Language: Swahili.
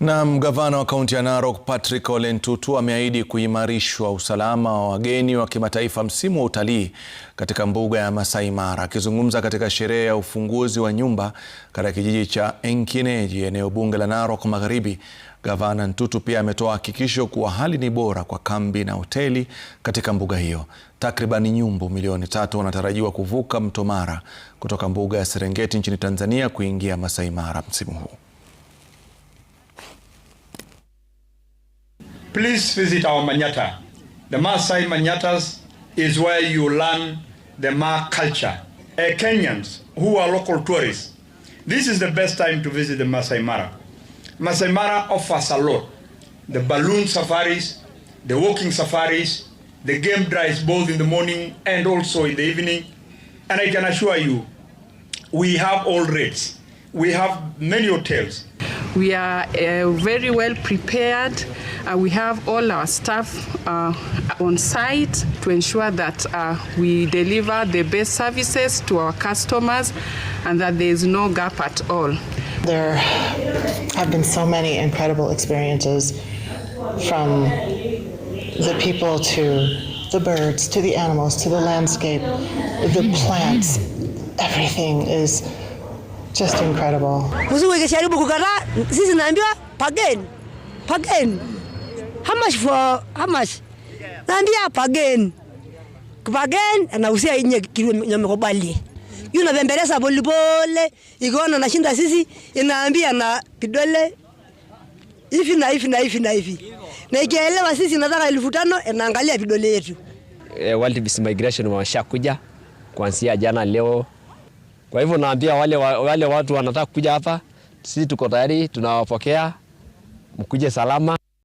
Na gavana wa kaunti ya Narok Patrick Ole Ntutu ameahidi kuimarishwa usalama wa wageni wa kimataifa msimu wa utalii katika mbuga ya Masai Mara. Akizungumza katika sherehe ya ufunguzi wa nyumba katika kijiji cha Enkineji, eneo bunge la Narok Magharibi, gavana Ntutu pia ametoa hakikisho kuwa hali ni bora kwa kambi na hoteli katika mbuga hiyo. Takribani nyumbu milioni tatu wanatarajiwa kuvuka mto Mara kutoka mbuga ya Serengeti nchini Tanzania kuingia Masai Mara msimu huu. please visit our Manyata. The Maasai Manyatas is where you learn the Ma culture. Uh, Kenyans who are local tourists, this is the best time to visit the Masai Mara. Masai Mara offers a lot. The balloon safaris, the walking safaris, the game drives both in the morning and also in the evening. And I can assure you, we have all rates. We have many hotels. We are uh, very well prepared. Uh, we have all our staff uh, on site to ensure that uh, we deliver the best services to our customers and that there is no gap at all. There have been so many incredible experiences from the people to the birds to the animals to the landscape, the plants, everything is Just incredible. Mzungu ikisharibu kukataa, sisi naambiwa pagen. Pagen. How much for how much? Naambia pageni. Pageni anausia yenye nyamekubali. Yuna bembeleza polepole, ikiona nashinda sisi inaambia na vidole hivi na hivi na hivi na hivi. Na ikielewa sisi nataka elfu tano inaangalia vidole yetu. Eh, World Peace Migration wameshakuja kuanzia jana leo kwa hivyo naambia wale, wale watu wanataka kuja hapa, sisi tuko tayari, tunawapokea mkuje salama.